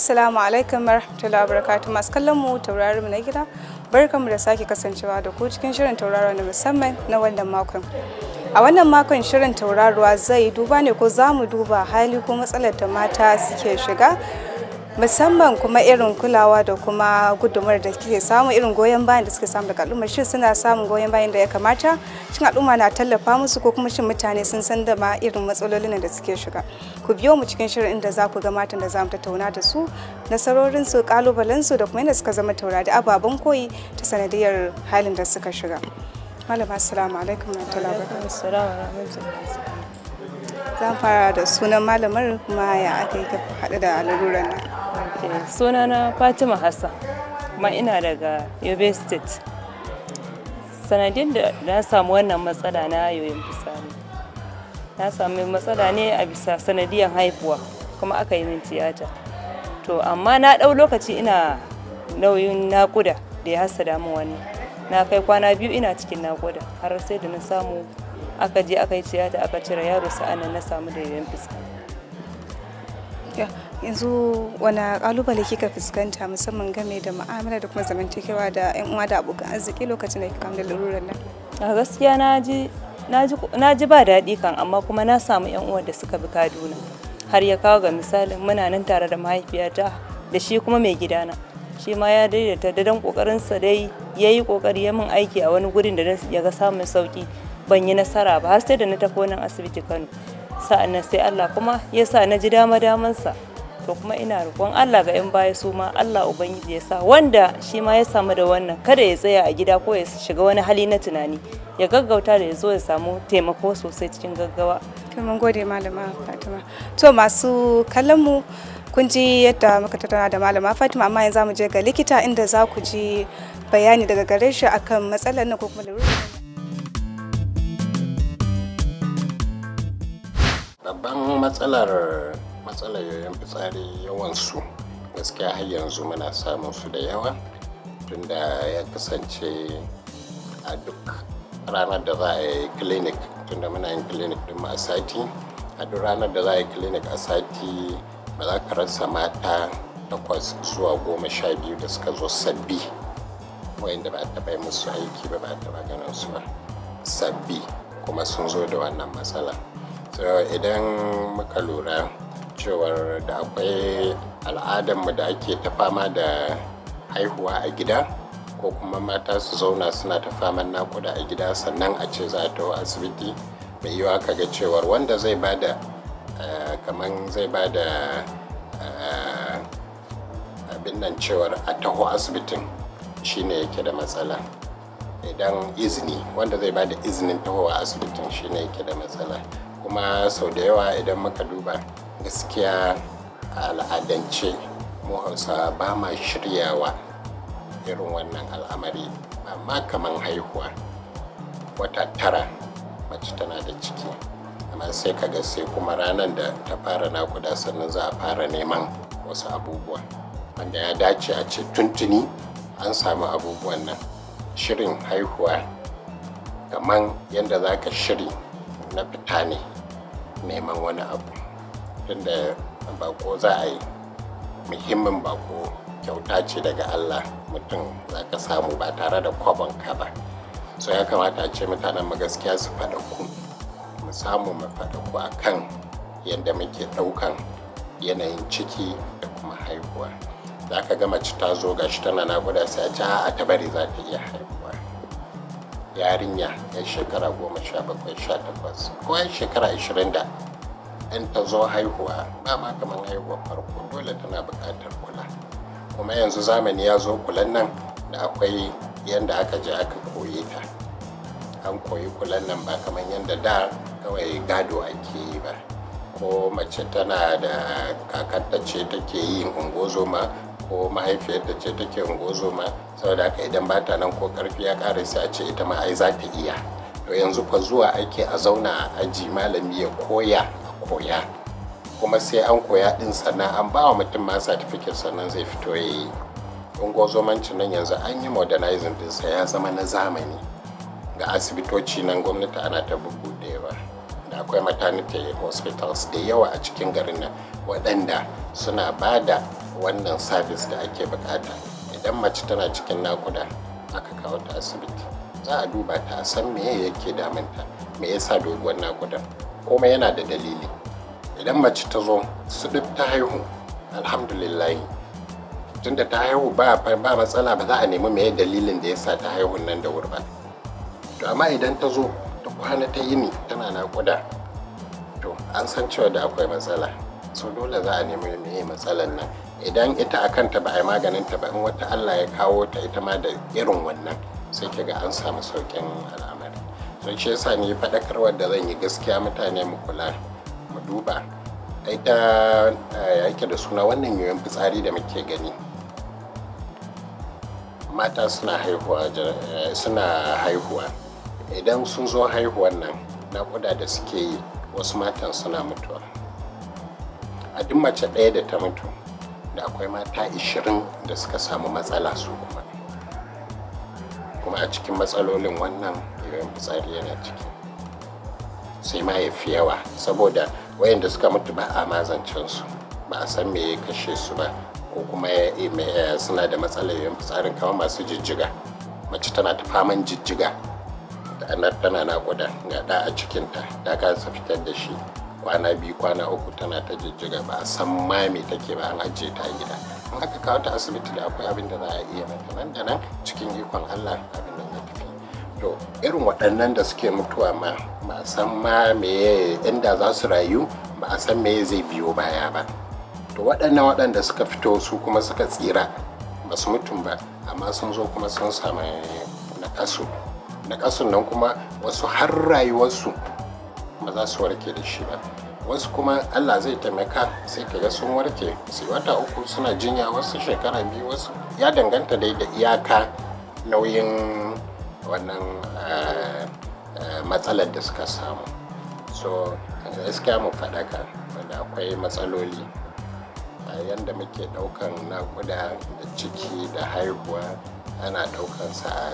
Assalamu alaikum warahmatullahi wabarakatuh masu kallon mu taurarin mu na gida barkanmu da sake kasancewa da ku cikin shirin tauraro na musamman na wannan makon. A wannan makon shirin tauraruwa zai duba ne ko za mu duba hali ko matsalar da mata suke shiga musamman kuma irin kulawa da kuma gudumar da kike samu irin goyon bayan da suke samu daga al'umma shin suna samun goyon bayan da ya kamata cikin al'umma na tallafa musu ko kuma shin mutane sun san da ma irin matsalolin da suke shiga ku biyo mu cikin shirin inda za ku ga matan da za mu tattauna da su nasarorin su kalubalen su da kuma yadda suka zama taurari ababen koyi ta sanadiyar halin da suka shiga malama assalamu alaikum wa rahmatullahi wa barakatuh zan fara da sunan malamar kuma ya aka yi haɗu da laluran nan eh, sunana fatima hassan kuma ina daga yobe state sanadin da na samu wannan matsala na yoyin fitsari na sami matsala ne a bisa sanadiyan haifuwa, kuma aka yi min tiyata to amma na ɗau lokaci ina nauyin nakuda da ya hasa damu wannan na kai kwana biyu ina cikin nakuda har sai da na samu aka je aka yi tiyata aka cire yaro sa'an na samu da yoyon fuska yanzu wani kalubale kika fuskanta musamman game da ma'amala da kuma zamantakewa da yan uwa da abokan arziki lokacin da kika kama da larurar nan a gaskiya na ji ba daɗi kan amma kuma na samu yan uwa da suka bi kaduna har ya kawo ga misalin muna nan tare da mahaifiyata da shi kuma mai gidana shi ma ya daidaita da dan kokarinsa dai ya yi kokari ya min aiki a wani gurin da ya ga samun sauki ban yi nasara ba har sai da na tafi nan asibiti kano sa'annan sai allah kuma ya sa na ji dama damansa to kuma ina roƙon allah ga 'yan baya su ma allah ubangiji ya sa wanda shi ma ya samu da wannan kada ya tsaya a gida ko ya shiga wani hali na tunani ya gaggauta da ya zo ya samu taimako sosai cikin gaggawa to mun gode malama fatima to masu kallon mu kun ji yadda muka tattauna da malama fatima amma yanzu mu je ga likita inda za ku ji bayani daga gare shi akan matsalar nan ko kuma lalurar matsalar matsalar yoyon fitsari yawansu gaskiya har yanzu muna samun su da yawa tunda ya kasance a duk ranar da za a yi clinic tunda muna yin clinic din a sati a duk ranar da za a yi clinic a sati ba za ka rasa mata takwas zuwa goma sha biyu da suka zo sabbi da ba ta taɓa yi musu aiki ba ba a taɓa ganin su ba sabbi kuma sun zo da wannan matsala so eh, idan muka lura cewar da akwai al'adarmu da ake ta fama da haihuwa a gida ko kuma mata su zauna suna ta faman nakuda a gida sannan a ce za ta asibiti mai yiwa ka ga cewar wanda zai ba da eh, kamar zai ba da eh, abin cewar a taho asibitin shine yake da matsala idan izini wanda zai ba da izinin tahowa asibitin shine yake da matsala kuma sau da yawa idan muka duba gaskiya a al'adance mu hausa ba ma shiryawa irin wannan al'amari amma kaman haihuwa wata tara mace tana da ciki amma sai ga sai kuma ranar da ta fara nakuda sannan za a fara neman wasu abubuwa wanda ya dace a ce tuntuni an samu abubuwan nan shirin haihuwa kaman yadda za ka shiri na fita ne neman wani abu tunda bako za a yi muhimmin bako kyauta ce daga allah mutum za ka samu ba tare da kwabon ka ba so ya kamata a ce mutanen mu gaskiya su faɗa ku mu samu mu faɗa ku a kan yadda muke ɗaukan yanayin ciki da kuma haihuwa za ka gama ci ta zo shi tana naƙuda sai a ci a ta bari za ta iya haihuwa yarinya yan shekara goma sha bakwai sha takwas ko yan shekara ashirin da in ta zo haihuwa ba ma kamar haihuwa farko dole tana buƙatar kula kuma yanzu zamani ya zo kulan nan da akwai yadda aka je aka koye ta an koyi kulan nan ba kamar yadda da kawai gado ake yi ba ko mace tana da kakanta ce take yin ungozoma ko mahaifiyar da ce take ungozoma saboda haka idan ba ta nan ko karfi ya ƙara sai a ce ita ma ai za ta iya to yanzu fa zuwa ake a zauna a aji malami ya koya a koya kuma sai an koya din sannan an ba wa mutum ma certificate sannan zai fito ya yi Ungozomanci nan yanzu an yi modernizing dinsa ya zama na zamani ga asibitoci nan gwamnati ana ta bubudewa da akwai maternity hospitals da yawa a cikin garin nan waɗanda suna ba da wannan sabis da ake bukata idan mace tana cikin nakuda aka kawo ta asibiti za a duba ta a san me yake damunta me yasa doguwar nakuda kuma yana da dalili idan mace ta zo su duk ta haihu alhamdulillah tunda ta haihu ba ba matsala ba za a nemi me dalilin da yasa ta haihu nan da wuri ba to amma idan ta zo ta kwana ta yini tana nakuda to an san cewa da akwai matsala so dole za a nemi ne matsalan nan idan ita a kanta ba a yi maganin ta ba in wata Allah ya kawo ta ita ma da irin wannan sai ke ga an samu saukin al'amari so shi yasa ni faɗakarwar da zan yi gaskiya mutane mu kula mu duba ita eh, yake da suna wannan yoyon fitsari da muke gani mata suna haihuwa eh, suna haihuwa idan sun zo haihuwan nan naƙuda da suke yi wasu matan suna mutuwa a duk mace ɗaya da ta mutu da akwai mata 20 da suka samu matsala su kuma kuma a cikin matsalolin wannan yoyon fitsari yana ciki sai ma ya fi yawa saboda wayanda suka mutu ba a mazancen su ba a san me ya kashe su ba ko kuma suna da matsalar yoyon fitsarin kamar masu jijjiga mace tana ta faman jijjiga da tana naƙuda ga ɗa a cikinta da kasa fitar da shi kwana biyu kwana uku tana ta jijjiga ba a san ma me take ba an ajiye ta gida in aka kawo ta asibiti da akwai abin da za a iya mata nan da nan cikin ikon allah abin da ya tafi to irin waɗannan da suke mutuwa ma ba a san ma me inda za su rayu ba a san me zai biyo baya ba to waɗannan waɗanda suka fito su kuma suka tsira ba su mutum ba amma sun zo kuma sun samu na kasu na kasun nan kuma wasu har rayuwarsu ba za su warke da shi ba wasu kuma allah zai taimaka sai kaga sun warke su wata uku suna jinya wasu shekara biyu wasu ya danganta dai da iyaka nauyin wannan eh, eh, matsalar da suka samu so gaskiya mu faɗaka wanda akwai matsaloli yadda muke ɗaukan naƙuda da ciki da haihuwa ana ɗaukan sa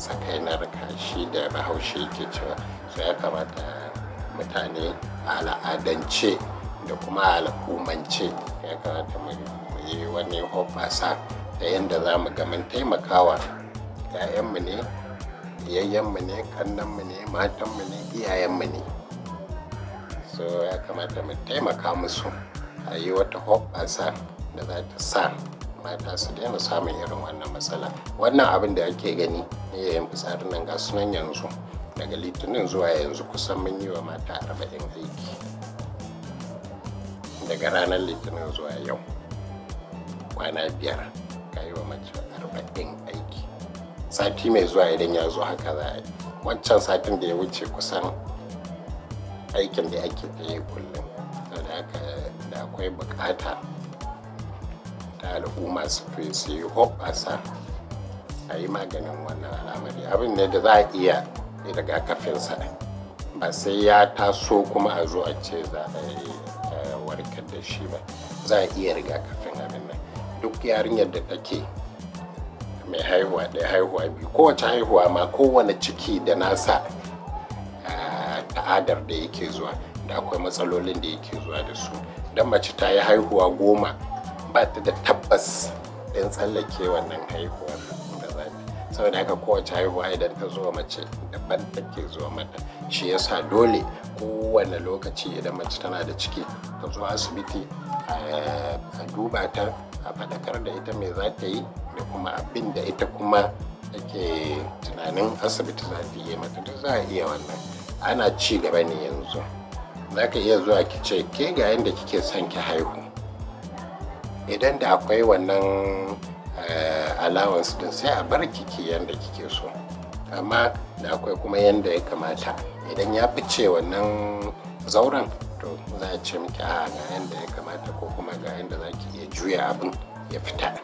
kansa kai raka shi da bahaushe ke cewa sai ya kamata mutane al'adance da kuma al'ummance ya kamata mu yi wani hoɓasa da yadda za mu ga mun taimakawa 'ya'yanmu ne yayyanmu ne kannanmu ne matanmu ne iyayenmu ne so ya kamata mu taimaka musu a yi wata hoɓasa da za ta sa mata su daina samun irin wannan matsala wannan abin da ake gani ne yayin fitsarin nan ga sunan yanzu daga litinin zuwa yanzu kusan mun yi wa mata arba'in aiki daga ranar litinin zuwa yau kwana biyar ka yi wa mace arba'in aiki sati mai zuwa idan ya zo haka za a yi wancan satin da ya wuce kusan aikin da ake ta yi kullum da akwai bukata al'umma su fi su yi hoɓasa a yi maganin wannan al'amari abin ne da za a iya rigakafinsa ba sai ya taso kuma a zuwa a ce za a yi warkar da shi ba za a iya rigakafin abin nan duk yarinyar da take mai haihuwa da haihuwa biyu kowace haihuwa ma kowane ciki da nasa ta'adar da yake zuwa da akwai matsalolin da yake zuwa da su don mace ta yi haihuwa goma ba ta da tabbas ɗin tsallake wannan haihuwar da zafi saboda haka kowace haihuwa idan ta zo mace daban take zuwa mata shi yasa dole kowane lokaci idan mace tana da ciki ta zo asibiti a duba ta a faɗakar da ita mai za ta yi da kuma abin da ita kuma ke tunanin asibiti za ta yi mata duk za a iya wannan ana ci gaba ne yanzu za ka iya zuwa ki ce ke ga yadda kike son ki haihu idan da akwai wannan eh, allowance din sai a bar kiki yadda kike so amma da akwai kuma yadda ya kamata idan ya fice wannan zauren to za a ce miki a ga yadda ya kamata ko kuma ga yadda za ki iya juya abin ya fita